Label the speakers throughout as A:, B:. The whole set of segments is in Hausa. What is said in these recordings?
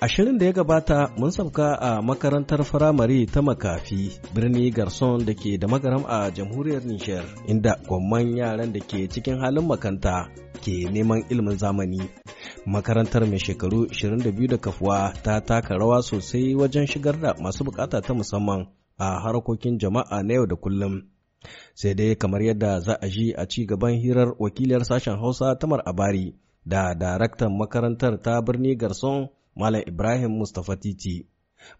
A: A shirin da ya gabata mun sauka a makarantar firamare ta makafi birni garson da ke da magaram a jamhuriyar Nijar inda gwamman yaran da ke cikin halin makanta ke neman ilimin zamani. Makarantar mai shekaru 22 da kafuwa ta taka rawa sosai wajen shigar da masu bukata ta musamman a harkokin jama'a na yau da kullum. Sai dai kamar yadda za a ji a ci gaban hirar wakiliyar sashen Hausa Tamar Abari da daraktan makarantar ta birni Garson Malam Ibrahim Mustapha Titi.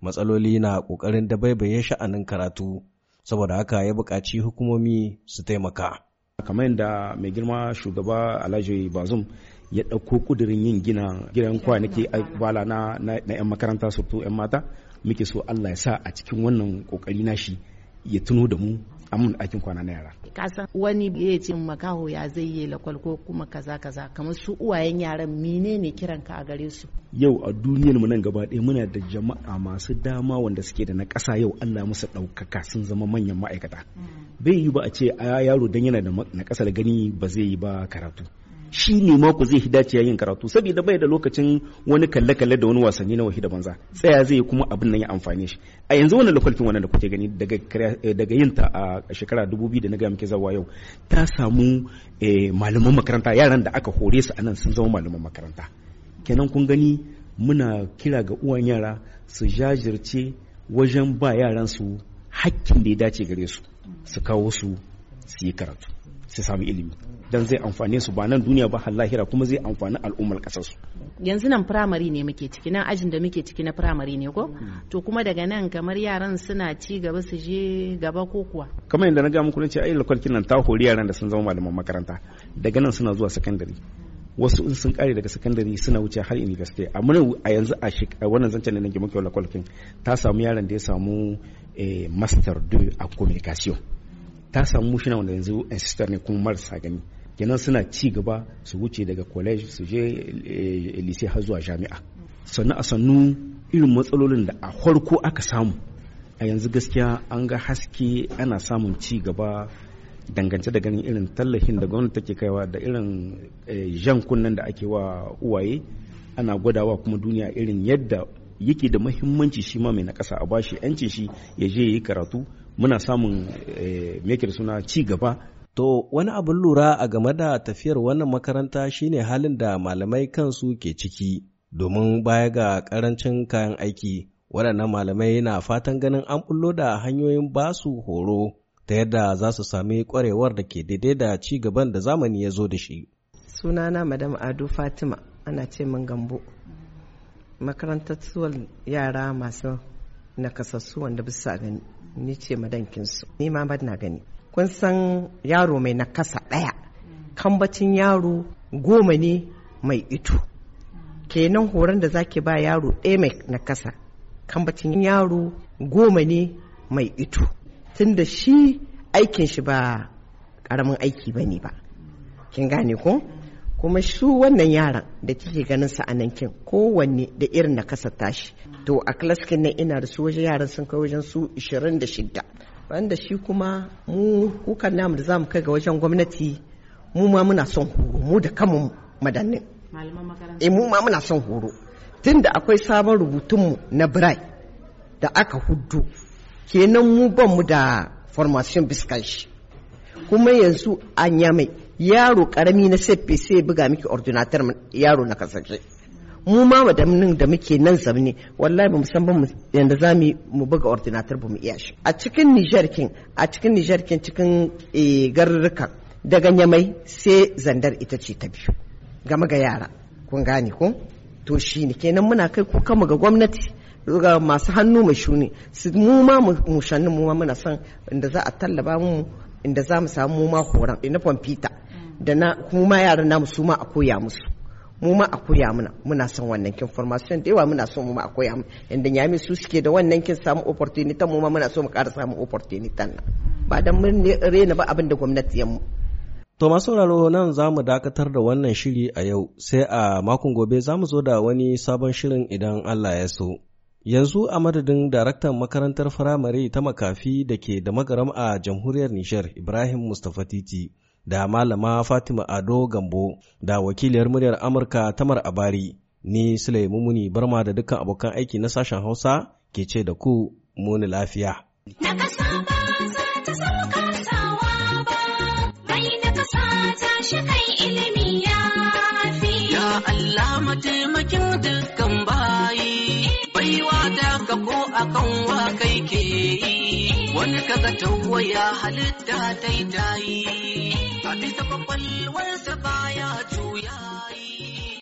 A: Matsaloli na ƙoƙarin dabaibaye sha'anin karatu, saboda haka ya buƙaci hukumomi su
B: taimaka. Kamar yadda mai girma shugaba Alhaji Bazum ya ɗauko ƙudurin yin gina gidan kwanaki bala na 'yan makaranta surtu 'yan mata muke so Allah ya sa a cikin wannan ƙoƙari na shi ya tuno da mu amun aikin kwana na yara
C: kasan wani ya ce makaho ya zai yi lakwal ko kuma kaza kaza kamar su uwayen yaran menene kiran ka a gare su
B: yau a duniyar mu nan gaba ɗaya muna da jama'a masu dama wanda suke da na ƙasa yau Allah musu ɗaukaka sun zama manyan ma'aikata mm. bai yi ba a ce a yaro dan yana da na ƙasa gani ba zai yi ba karatu shi ne mako zai hi dace yin karatu saboda bai da lokacin wani kalle-kalle da wani wasanni na wahida banza tsaya zai kuma abin nan ya amfane shi a yanzu wannan lokacin wannan da kuke gani daga eh, yin ta a shekara 2000 da na ga muke zawa yau ta samu eh, malaman makaranta yaran da aka hore su anan sun zama malaman makaranta kenan kun gani muna kira ga uwan yara su jajirce wajen ba yaran su hakkin da ya dace gare su su kawo su su yi karatu su samu ilimi dan zai amfane su ba nan duniya ba har lahira kuma zai amfani al'ummar kasar su
C: yanzu nan firamare ne muke ciki nan ajin da muke ciki na firamare ne ko hmm. to kuma daga nan kamar yaran suna ci gaba su je gaba ko kuwa
B: kamar yadda na ga muku ce ai lokacin nan ta hori yaran da sun zama malaman makaranta daga nan suna zuwa secondary wasu in sun kare daga secondary suna wuce har university a ne a yanzu a wannan zancen da nake muke lakwalkin ta samu yaran da ya samu eh, master 2 a communication ta samu shi na wanda yanzu assistant ne kuma marasa gani kenan suna ci gaba su wuce daga college su je eh, lise har zuwa jami'a sannu a sannu irin matsalolin da a farko aka samu a yanzu gaskiya an ga haske ana samun ci gaba dangance da ganin irin tallafin da gwamnati take kaiwa da irin eh, jan kunnen da ake wa uwaye ana gwadawa kuma duniya irin yadda yake da mahimmanci shi ma mai na kasa a bashi 'yancin shi ya je ya yi karatu muna samun eh, mekir suna ci gaba
A: To wani abin lura a game da tafiyar wannan makaranta shine halin da malamai kansu ke ciki, domin baya ga ƙarancin kayan aiki, waɗannan malamai na fatan ganin an bullo da hanyoyin basu horo ta yadda za su sami ƙwarewar da ke daidai da ci gaban da zamani ya zo da shi.
C: Sunana Madam Ado Fatima ana ce min gambo. Makarantar yara masu nakasassu wanda bisa gani, ni ce madankinsu, ni ma na gani. kun san yaro mai nakasa ɗaya kambacin yaro goma ne mai ito kenan horon da zaki ba yaro ɗaya mai nakasa kambacin yaro goma ne mai ito tunda shi aikin shi ba ƙaramin aiki ba ne ba kin gane ku kuma su wannan yaran da kike ganin sa a nan kin kowanne da irin nakasa tashi to a klaskin nan ina da su wajen yaran sun kai wajen su 26 wanda shi kuma mu kukan namu da zamu kai ga wajen gwamnati mu ma muna son horo mu da kanmu madannin eh mu ma muna son horo tun da akwai sabon rubutunmu na birai da aka hudu kenan mu ban mu da formation biskan kuma yanzu an yame yaro karami na sefe sai buga miki ordinatar yaro na kasance mu ma madamin da muke nan zamne wallahi ba musamman ba yanda za mu buga ordinator mu iya shi a cikin Niger kin a cikin Niger kin cikin eh, garurruka daga Nyamai sai Zandar ita ce ta biyu game ga yara kun gane ko to ne kenan muna kai ku kama ga gwamnati ga masu hannu mai shuni su mu ma mu shannu mu ma muna son inda za a tallaba mu inda za mu samu mu ma horan na kwamfuta da na kuma yaran namu su ma a koya musu mu ma a koya muna muna son wannan kin formation da yawa muna son mu ma a koya inda yami su suke da wannan kin samu opportunity mu ma muna so mu ƙara samu opportunity nan ba dan mun rena ba abin da gwamnati
A: ya mu To masu sauraro nan zamu dakatar da wannan shiri a yau sai a makon gobe zamu zo da wani sabon shirin idan Allah ya so. Yanzu a madadin daraktan makarantar firamare ta makafi da ke da magaram a jamhuriyar nijar Ibrahim Mustapha Titi. da malama Fatima Ado Gambo da wakiliyar muryar Amurka Tamar Abari ni sulaimu muni Barma da dukkan abokan aiki na sashen Hausa ke ce da ku muni lafiya.
C: Na ba za ta sauka ba, Allah dukkan bayi, baiwa ta ko akan wa kai ke kaga tawaya
A: halitta ta yi ta yi,
C: a bisa kwakwalwarsa baya juyayi.